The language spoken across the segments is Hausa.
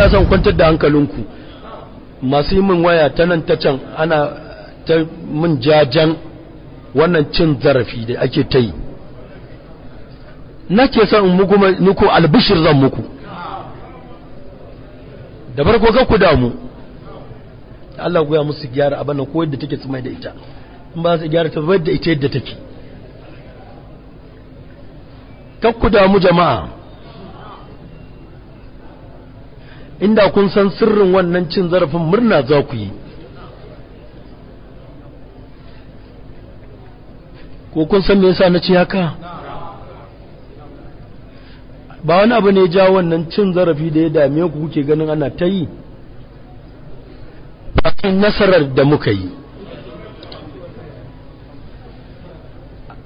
ina son kwantar da hankalinku masu yi min waya ta nan ta can ana ta min jajan wannan cin zarafi da ake ta yi nake son in muku muku albishir zan muku da farko ka ku damu Allah goya musu gyara abin nan ko yadda take tsumai da ita in ba su gyara ta bar da ita yadda take kakku damu jama'a inda kun san sirrin wannan cin zarafin murna za ku yi ko kun san me yasa na ce haka ba wani abu ne ja wannan cin zarafi da ya dame ku kuke ganin ana ta yi bakin nasarar da muka yi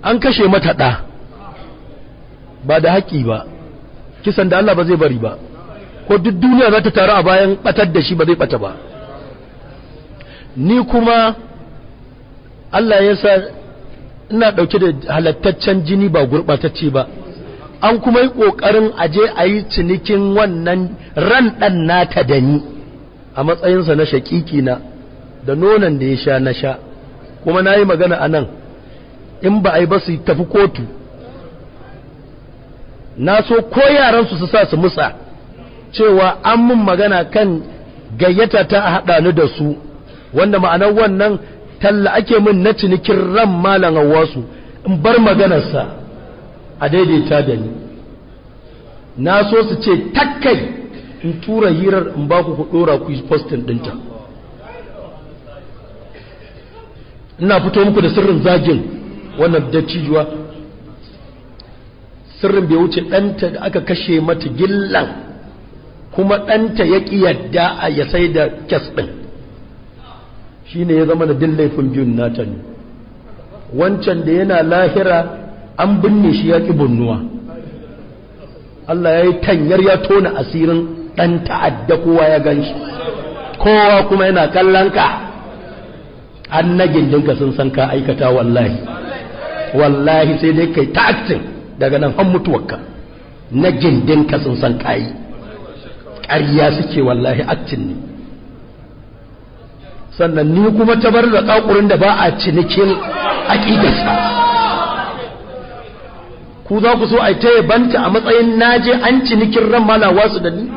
an kashe mata ɗa ba da haƙi ba kisan da Allah ba zai bari ba ko duk duniya za ta taru a bayan batar da shi ba zai bata ba ni kuma Allah ya sa ina ɗauke da halattaccen jini ba gurɓatacce ba an kuma yi ƙoƙarin aje a yi cinikin wannan ran ɗan nata da ni a matsayinsa na shakiki na da nonon da ya sha na sha kuma na yi magana a nan in ba a yi ba su tafi kotu na so ko yaran su sa su musa cewa an mun magana kan gayyata ta a haɗa ni da su wanda ma'anar wannan talla ake min na cinikin ran malam hawasu in bar maganarsa a daidaita da ni na so su ce takkai in tura hirar in ba ku ku ɗora ku postin ɗinta ina fito muku da sirrin zagin wannan dattijuwa sirrin bai wuce ɗanta da aka kashe mata gillan kuma ɗanta ya ƙi yadda a ya sai da kyas ɗin shi ne ya zama da din laifin biyun nata ne wancan da yana lahira an binne shi ya ƙi bunnuwa Allah ya yi tanyar ya tona asirin ɗan ta'adda kowa ya gan shi kowa kuma yana kallon ka an na gindinka sun san ka aikata wallahi wallahi sai dai kai ta daga nan har mutuwarka na gindinka sun san ka yi ƙarya suke wallahi aktin ne sannan ni kuma ta bar da ƙaƙurin da ba a cinikin aƙidarsa ku za ku so a ta banta a matsayin naje an cinikin ran malawa su da ni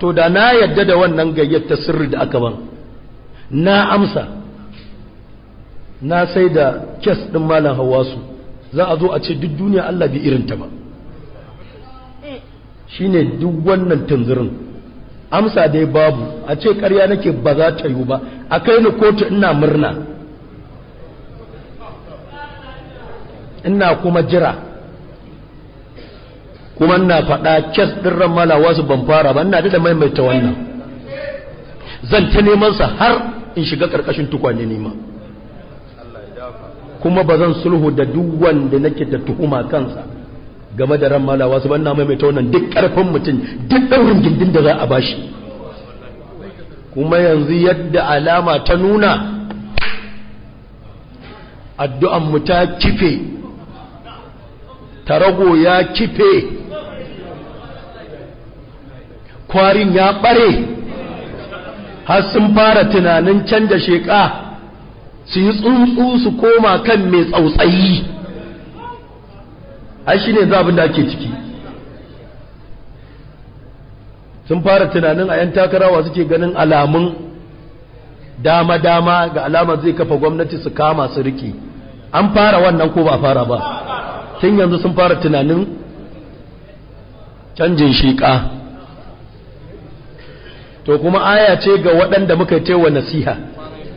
to da na yadda da wannan gayyata sirri da aka ban na amsa na sai da kes ɗin malam su za a zo a ce duk duniya Allah bi irinta ba shine duk wannan tanzirin, amsa dai babu a ce ƙarya nake ba za ta yiwu ba a kai ni kotu ina murna ina kuma jira kuma ina faɗa kes ɗin ran malawa su ban fara ba ina da maimaita wannan zan ta neman sa har in shiga ƙarƙashin tukwane nima kuma ba zan sulhu da duk wanda nake da tuhuma kansa game da ran malawa su banna maimaita wannan duk karfin mutum duk daurin gindin da za a ba shi. kuma yanzu yadda alama ta nuna addu'an mu ta kife tarago ya kife kwarin ya ɓare, har sun fara tunanin canja sheƙa su yi tsuntsu su koma kan mai tsautsayi ai shine yanzu abin da ake ciki sun fara tunanin a 'yan takarawa suke ganin alamun dama-dama ga alama zai kafa gwamnati su kama su riki an fara wannan ko ba fara ba tun yanzu sun fara tunanin canjin shiƙa to kuma aya ce ga waɗanda muka ce wa nasiha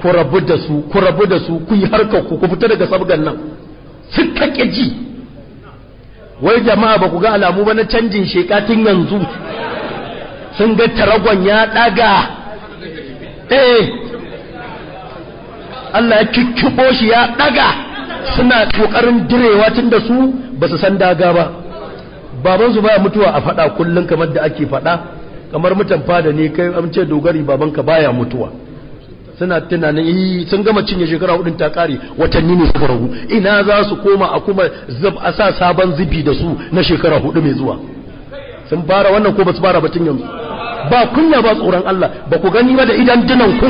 ku rabu da su ku rabu da su ku yi harkar ku ku fita daga sabgan nan suka kake ji wai jama'a ba ku ga alamu ba na canjin tun yanzu sun ga taragon ya daga eh Allah ya kikkibo shi ya daga suna kokarin direwa tun da su ba su san daga ba baban su baya mutuwa a fada kullun kamar da ake fada kamar mutan fada ne kai ce dogari babanka baya mutuwa suna tunanin yi eh, sun gama cinye shekara hudun ta kare watanni ne suka ragu ina za su koma a kuma zub a sa sabon zubi da su na shekara hudu mai zuwa sun fara wannan ko ba su fara batun yanzu ba kunya ba tsoron Allah ba ku gani ba da idan dinan ku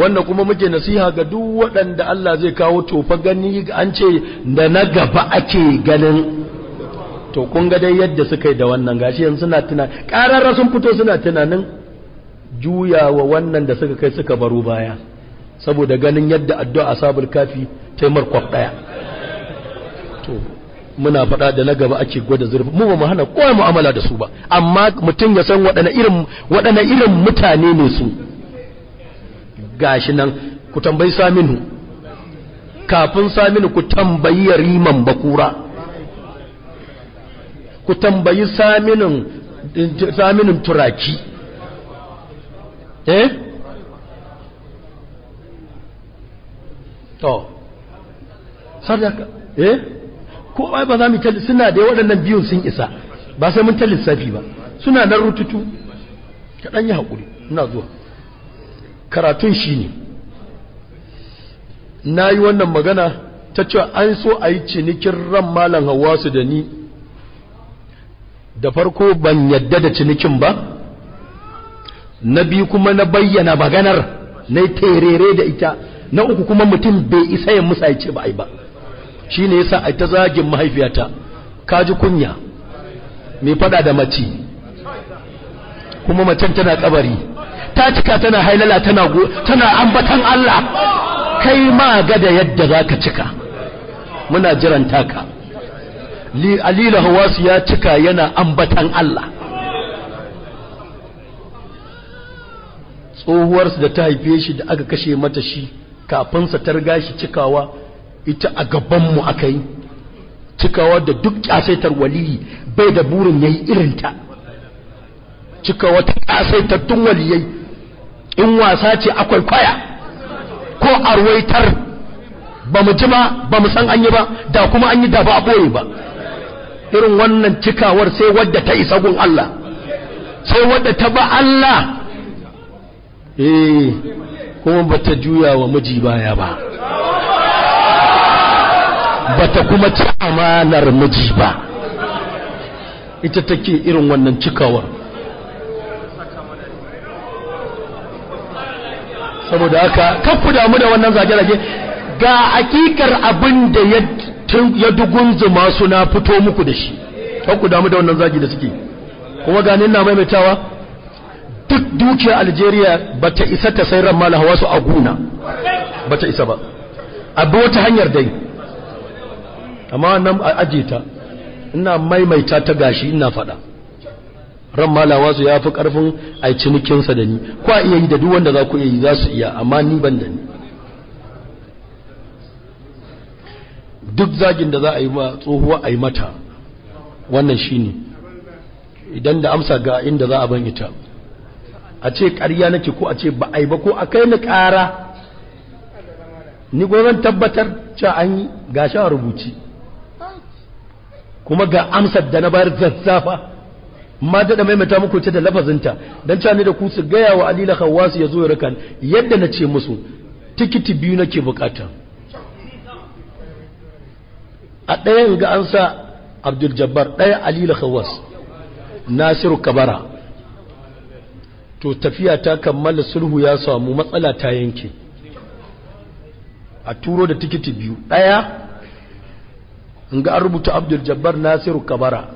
wannan kuma muke nasiha ga duk waɗanda Allah zai kawo tofa gani an ce da na gaba ake ganin to kun ga dai yadda suka yi da wannan gashi yanzu suna tuna ƙararra sun fito suna tunanin juya wa wannan da suka kai suka baro baya saboda ganin yadda addu'a sabul kafi ta ɗaya. daya to muna faɗa da na gaba ake gwada zurfi mu ba mu hana kowa mu'amala da su ba amma mutum ya san waɗanne irin waɗanne irin mutane ne su gashi nan ku tambayi saminu kafin saminu ku tambayi yariman bakura ku tambayi saminin turaki eh to sadaka eh ko ai ba za mu kalli suna da waɗannan biyun sun isa ba sai mun ta lissafi ba suna nan rututu ka dan yi hakuri ina zuwa karatun shine nayi wannan magana ta cewa an so a yi cinikin ran malam hawasu da ni da farko ban yadda da cinikin ba na biyu kuma na bayyana maganar na terere da ita na uku kuma mutum bai isa ya musa ya ce ba ai ba shi ne ya sa a ta zagin mahaifiyata ka ji kunya mai fada da mace kuma macen tana kabari ta cika tana hailala tana tana ambatan Allah kai ma ga da yadda ka cika muna jiran taka alila hawasu ya cika yana ambatan Allah tsohuwarsa da ta haife shi da aka kashe mata shi kafin ta riga shi cikawa ita a gabanmu aka yi cikawa da duk ƙasaitar waliyi bai da burin ya yi ta cikawa ta tun waliyai in wasa ce akwai kwaya ko arwaitar ba mu ji ba ba mu san an yi ba da kuma an yi da ba a ba irin wannan cikawar sai wadda ta isa gun Allah sai wadda ta ba Allah eh kuma bata juya wa miji baya ba bata kuma ci amanar miji ba ita take irin wannan cikawar saboda haka da damu da wannan zage-zage ga hakikar abin da ya tun ya dugunzuma suna fito muku da shi kan ku damu da wannan zagi da suke kuma ganin na maimaitawa duk dukiya algeria ba ta isa ta sai ran mala hawasu a guna ba ta isa ba abu wata hanyar dai amma nan a aje ta ina maimaita ta gashi ina faɗa ran malawa wasu ya fi karfin a cinikinsa da ni a iya yi da duk wanda za ku iya yi za su iya amma ni ban da ni duk zagin da za a yi ma tsohuwa a yi mata wannan shi ne idan da amsa ga inda za a ban ita a ce ƙarya nake ko a ce ba a yi ba ko a kai ni ƙara ni gwamnan tabbatar cewa an yi ga sha rubuci kuma ga amsar da na bayar zazzafa ma da maimaita muku ce da lafazinta don cewa ni da ku su gaya wa alila hawasu ya zo ya rakan yadda na ce musu tikiti biyu nake bukata a ɗayan ga an sa abdul jabbar ɗaya alila khawas nasiru kabara to tafiya ta kammala sulhu ya samu matsala ta yanke a turo da tikiti biyu ɗaya in ga an rubuta abdul jabbar nasiru kabara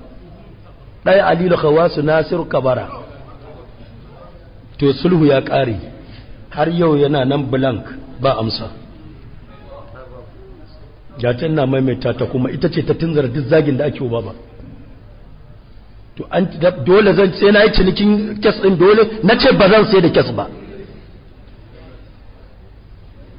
ɗaya alila khawas nasiru kabara to sulhu ya ƙare har yau yana nan blank ba amsa ga na maimaita ta kuma ita ce ta tunzara duk zagin da ake ba. baba to an dole zan sai na yi cinikin kes din dole na ce ba zan sai da kes ba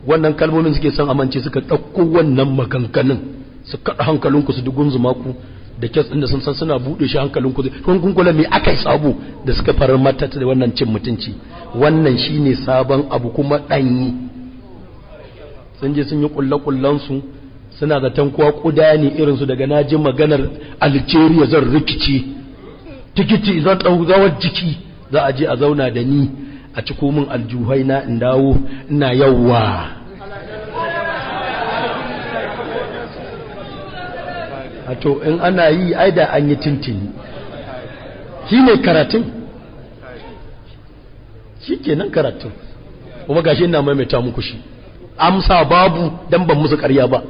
wannan kalmomin suke son amince suka ɗauko wannan maganganun su kaɗa hankalinku su dugun ku da kes ɗin da sun san suna buɗe shi hankalinku zai kun me aka yi sabo da suka fara mata da wannan cin mutunci wannan shine sabon abu kuma ɗanyi sun je sun yi ƙulle-ƙullensu suna zaton kuwa ƙuda ne irin su daga na maganar algeria zan rikici tikiti zan zawar jiki za a je a zauna da ni a ci komin aljuhai na in dawo ina yawwa a to in ana yi ai da an yi tintini shi ne karatun shi kenan karatun kuma gashi ina maimaita muku shi amsa babu dan ban musu karya ba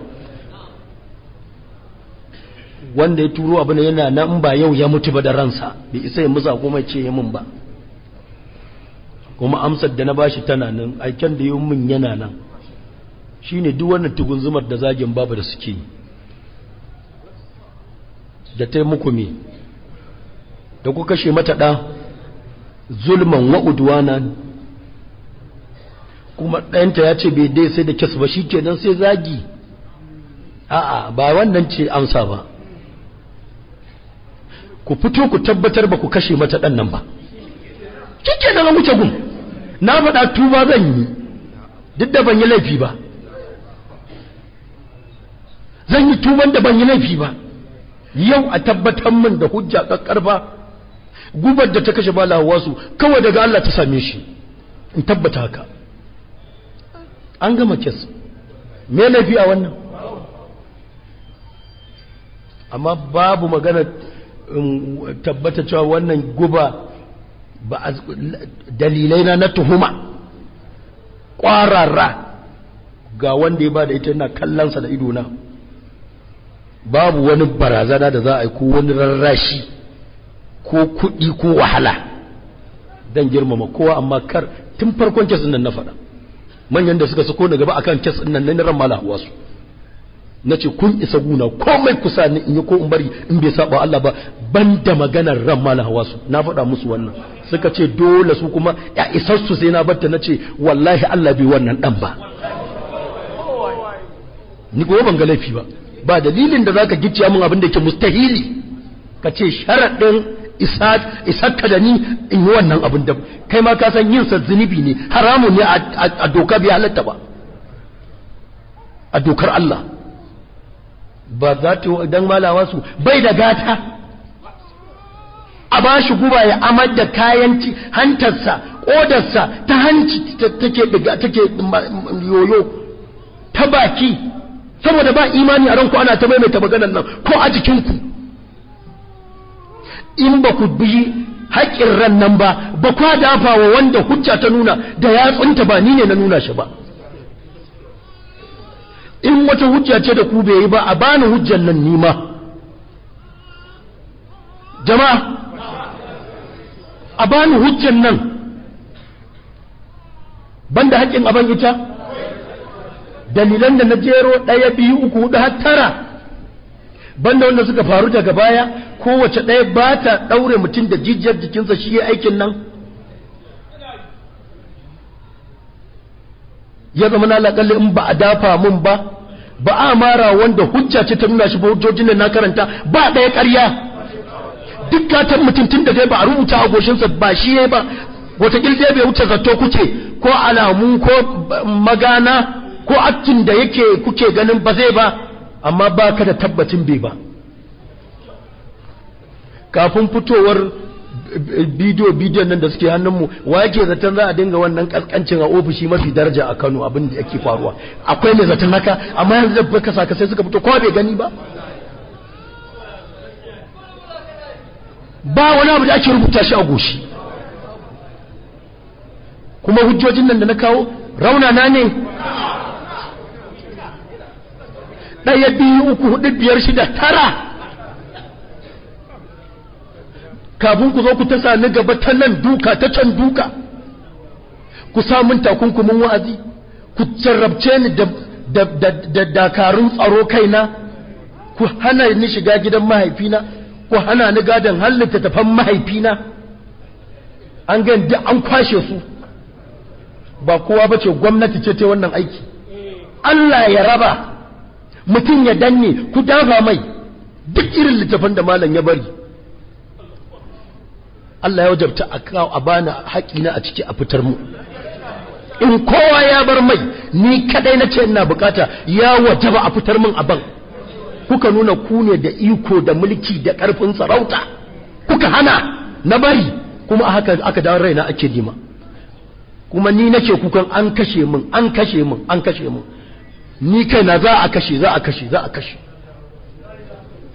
wanda ya turo abin yana nan ba yau ya mutu ba da ransa bai isa ya musa kuma ce ya mun ba kuma amsar da na ba shi tana nan aiken da yin mun yana nan shine duk wannan tugunzumar da zagin babu da suke da ta muku me da ku kashe mata ɗa zulman na kuma ɗayanta ya ce bai dai sai da kyas ba shi kenan sai zagi a'a ba wannan ce amsa ba ku fito ku tabbatar ba ku kashe mata ɗan nan ba kike da wuce gum na faɗa tuba zan yi duk da ban yi laifi ba zan yi tuban da ban yi laifi ba yau a tabbatar min da hujja ƙarfa gubar da ta kashe ba wasu kawai daga Allah ta same shi in tabbata haka an gama kes me laifi a wannan amma babu maganar tabbata cewa wannan guba ba dalilai na tuhuma ƙwararra ga wanda ya ba da ita yana kallonsa da idona babu wani barazana da za a yi ko wani rarrashi ko kuɗi ko wahala don girmama kowa amma kar tun farkon kes nan na faɗa manyan da suka sako na gaba akan kes nan na ran mala wasu na ce kun isa guna komai kusa ni in yi ko in bari in bai saba Allah ba ban da maganar ran mala hawasu na faɗa musu wannan suka ce dole su kuma ya isassu sai na batta na ce wallahi Allah bai wannan dan ba ni ko ban ga laifi ba ba dalilin da zaka gicciya min abin da yake mustahili ka ce sharaɗin ka da ni in yi wannan abin da kai ma ka san yin sa zunubi ne haramun ne a doka bi halatta ba a dokar Allah ba za ta idan malawa su bai da gata a ba shi guba ya amar da kayan hantarsa ƙodarsa ta hanci take yoyo ta baki saboda ba imani a ranku ana ta maimaita maganar nan ko a jikinku in ba ku bi haƙƙin ran nan ba ba kwa dafa wa wanda hujja ta nuna da yatsunta ba ni ne na nuna shi ba in wata hujja ce da ku bai yi ba a bani hujjan nan nima jama'a a bani hujjan nan banda haƙƙin aban ita dalilan da na jero ɗaya biyu uku hudu har tara banda wanda suka faru daga baya kowace ɗaya ba ta ɗaure mutum da jijiyar jikinsa shi ya aikin nan ya zama na alaƙalli in ba a dafa mun ba ba a mara wanda hujja ce ta nuna shi ba hujjojin da na karanta ba ɗaya ƙarya duk gatan mutum tun da zai ba a rubuta a goshinsa ba shi ya ba watakil dai bai wuce zato kuke ko alamu ko magana ko aktin da yake kuke ganin ba zai ba amma ba ka da tabbacin bai ba kafin fitowar bidiyo bidiyon nan da suke hannunmu wa yake zaton za a dinga wannan kaskancin a ofishi mafi daraja a kano abin da yake faruwa akwai mai zaton haka amma yanzu da baka saka sai suka fito ko bai gani ba ba wani abu da ake rubuta shi a goshi kuma hujjojin nan da na kawo rauna na ne ɗaya biyu uku hudu biyar shida tara kafin ku zo ku ta sami gaba ta nan duka ta can duka ku samun takunkumin wa'azi ku carrabce ni da dakarun tsaro kaina ku hana ni shiga gidan mahaifina ko hana ni gadon har littattafan mahaifina an gan duk an kwashe su ba kowa bace gwamnati ce ta wannan aiki Allah ya raba mutum ya danne ku dafa mai duk irin littattafan da malam ya bari Allah ya wajabta a kawo a bani haƙina a ciki a fitar mu in kowa ya bar mai ni kadai na ce ina bukata ya wajaba a fitar min a ban kuka nuna ku ne da iko da mulki da ƙarfin sarauta kuka hana na bari kuma haka aka dawo raina ake dima kuma ni nake kukan an kashe min an kashe min an kashe min ni kaina za a kashe za a kashe za a kashe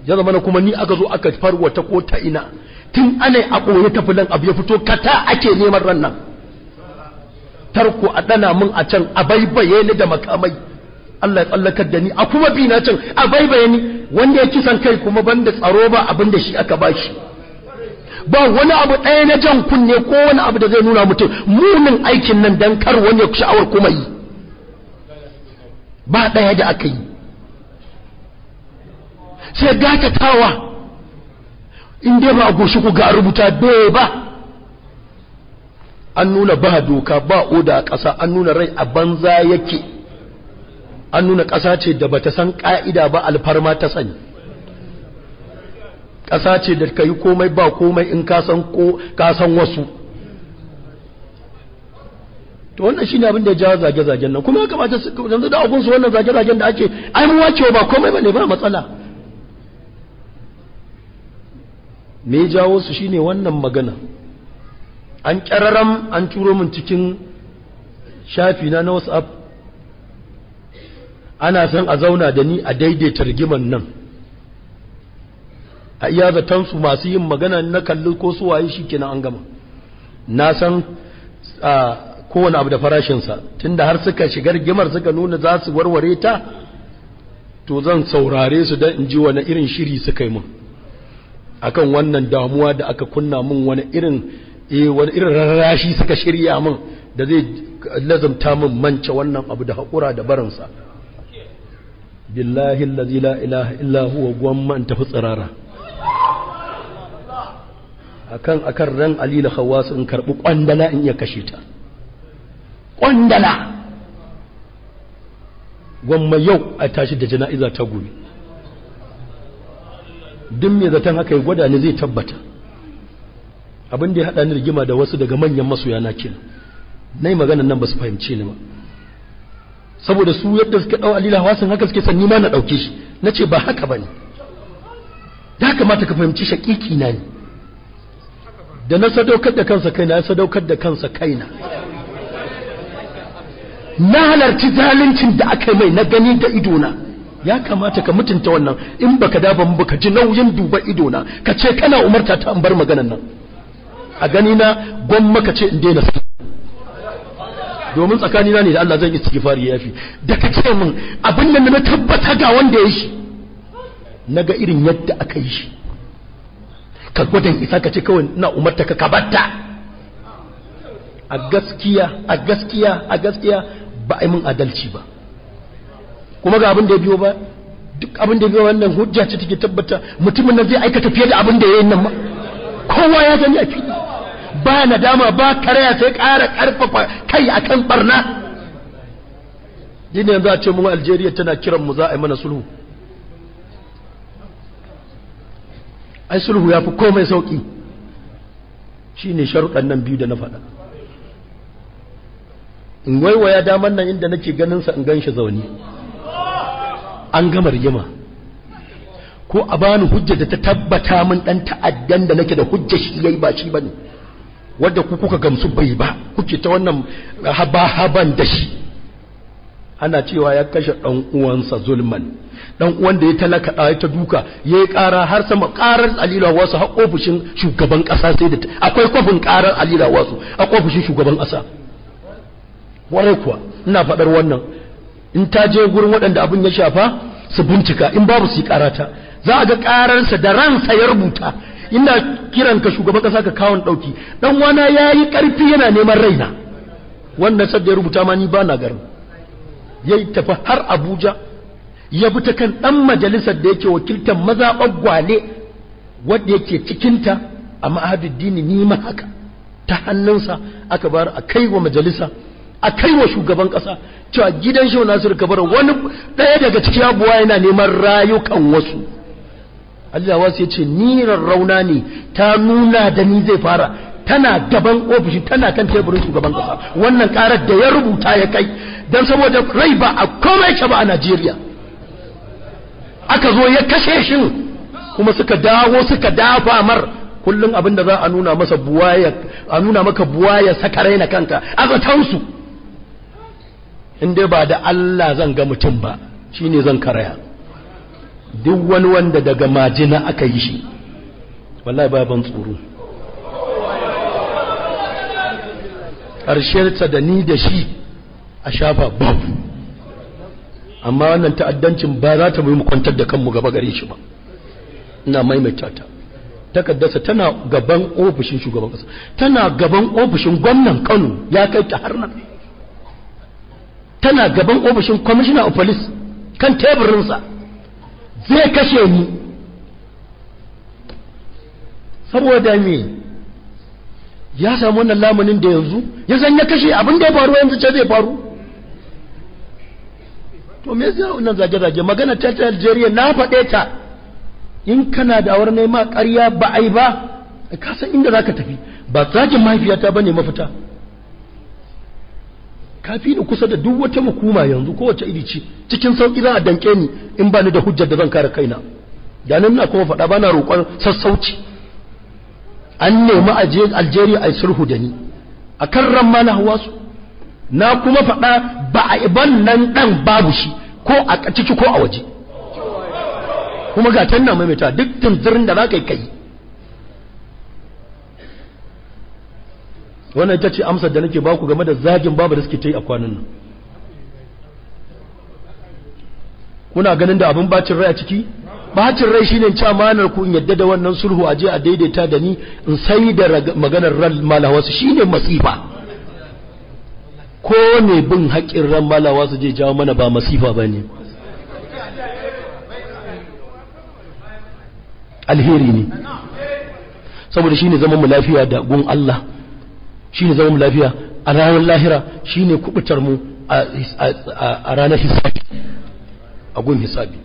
ya zama kuma ni aka zo aka farwa ta ko ta ina tun ana a koye ta abu ya fito kata ake neman ran nan tarko a ɗana min a can a baibaye ni da makamai Allah ya tsallakar da ni a kuma bi na can a bai bayani wanda ya kisan kai kuma banda tsaro ba abin da shi aka ba shi. ba wani abu ɗaya na jan kunne ko wani abu da zai nuna mutum munin aikin nan dan kar wani ya sha'awar kuma yi ba ɗaya da aka yi sai gatatawa in dai ba a goshi ku ga rubuta doye ba an nuna ba doka ba oda a ƙasa an nuna rai a banza yake an nuna ƙasa ce da bata san ƙa'ida ba alfarma ta sani ƙasa ce da ka yi komai ba komai in ka san wasu to wannan ne abin da ya jawo zage-zagen nan kuma kamata yanzu da abunsu wannan zage-zagen da ake ai mu wacewa ba komai ba ne ba matsala me ya jawo su shine wannan magana an kyararam an turo min cikin shafi na na WhatsApp ana san a zauna da ni a daidaita rigiman nan a iya zatansu masu yin magana na kalli ko su waye shi kenan an gama na san kowane abu da farashinsa tunda har suka shiga rigimar suka nuna za su warware ta to zan saurare su don in ji wani irin shiri suka yi mun akan wannan damuwa da aka kunna mun wani irin eh, wani rarrashi suka shirya mun da zai lazumta min mance wannan abu da haƙura da barinsa billahi allazi la ilaha illa huwa gwamman tafi tsirara akan akan ran alila hawasu in karɓi kwandala in iya kashe ta kwandala gwamma yau a tashi da jana'iza ta gobe duk mai zaton haka ya gwada ni zai tabbata abin da ya haɗa ni rigima da wasu daga manyan masoya na kin na yi maganan nan ba su fahimci ni ba saboda su yadda suka dau alila hawasin haka suke san ma na dauke shi nace ba haka bane da kamata ka fahimci shakiki na ne da na sadaukar da kansa kaina ya sadaukar da kansa kaina na halarci zaluncin da aka mai na gani da idona ya kamata ka mutunta wannan in baka da ban baka ji nauyin duba idona ka ce kana umarta ta an bar maganan nan a gani na gwamma ka ce in daina domin tsakanina ne da Allah zan istighfari ya fi da kake min abin da na tabbata ga wanda ya shi naga irin yadda aka yi shi ka gwadan isa ka ce kawai na umarta ka kabatta a gaskiya a gaskiya a gaskiya ba a yi min adalci ba kuma ga abin da ya biyo ba duk abin da ya biyo wannan hujja ce take tabbata mutumin nan zai aikata fiye da abin da ya yi nan ma kowa ya gani a fili ba dama ba karaya sai kara karfafa kai akan barna dina yanzu a ce mun Algeria tana kiran mu za a yi mana sulhu ai sulhu ya fi komai sauƙi shine sharuɗan nan biyu da na faɗa in waiwaya daman nan inda nake ganin sa in gan shi zaune an gama rigima ko a bani hujja da ta tabbata min dan ta'addan da nake da hujja shi yayi ba shi bane wadda ku kuka gamsu bai ba kuke ta wannan haba-haban da shi ana cewa ya kashe ɗan uwansa zulman ɗan uwan da ya talaka ɗaya ta duka yayi yi ƙara har sama ƙarar alila wasu har ofishin shugaban ƙasa sai da akwai kwafin ƙarar alila wasu a ofishin shugaban ƙasa warai kuwa ina faɗar wannan in ta je gurin waɗanda abin ya shafa su bincika in babu su yi ƙarata za a ga ƙararsa da ransa ya rubuta ina kiran ka shugaban kasa ka kawon ɗauki dan wana yayi karfi yana neman raina wannan sadda ya rubuta mani ni ba na garin yayi tafi har Abuja ya bi ta kan ɗan majalisar da yake wakiltar mazaɓar gwale wanda yake cikinta a ma'aduddini ni ma haka ta hannunsa aka bar a kai wa majalisa a kai wa shugaban kasa cewa gidan shi Nasiru Kabara wani ɗaya daga cikin abuwa yana neman rayukan wasu wasu ya ce nirar rauna ne ta nuna da ni zai fara tana gaban ofishi tana kan teburin shugaban kasa wannan karar da ya rubuta ya kai don saboda rai ba a komai ke ba a najeriya aka zo ya kashe shi kuma suka dawo suka dafa mar kullum abin da za a nuna masa buwaya a nuna maka buwaya saka raina kanka a zatausu in dai ba da Allah zan ga mutum ba shine zan karaya duk wani wanda daga majina aka yi shi wallahi ba ban tsoro ta da ni da shi a shafa babu amma wannan ta'addancin ba za ta mu kwantar da kanmu gaba gare shi ba ina maimaita ta takaddasa tana gaban ofishin shugaban kasa tana gaban ofishin gwamnan Kano ya kai ta har nan tana gaban ofishin commissioner of police kan teburinsa zai kashe ni saboda me ya samu wannan lamunin da yanzu ya san ya kashe abin da ya faru yanzu ce zai faru to me zai wannan zage-zage magana ta Algeria na faɗe ta in kana da awar nema ƙarya ba yi ba ka san inda za ka tafi ba zagin mahaifiyata ba ne mafita kafi fi kusa da duk wata hukuma yanzu kowace iri ce cikin sauki za a danke ni in ba ni da hujjar da zan kare kaina da nan na kuma faɗa bana roƙon sassauci an nemi Algeria a sulhu da ni a kan ran ma na hawa su na kuma faɗa ba a iban nan ɗan babu shi ko a ciki ko a waje kuma ga tanna maimaita duk tunzirin da za ka kai wannan ita ce amsar da nake baku game da zagin babu da suke ta yi a kwanan nan kuna ganin da abin bacin rai a ciki bacin rai shine ci amanar ku in yadda da wannan sulhu a je a daidaita da ni in sai da maganar ran malawa su shine masifa ko ne bin haƙƙin ran malawa su je jawo mana ba masifa ba ne alheri ne saboda shine zaman mu lafiya da gun Allah shine zaman lafiya a ranar lahira shine kubutar mu a ranar hisabi a gun hisabi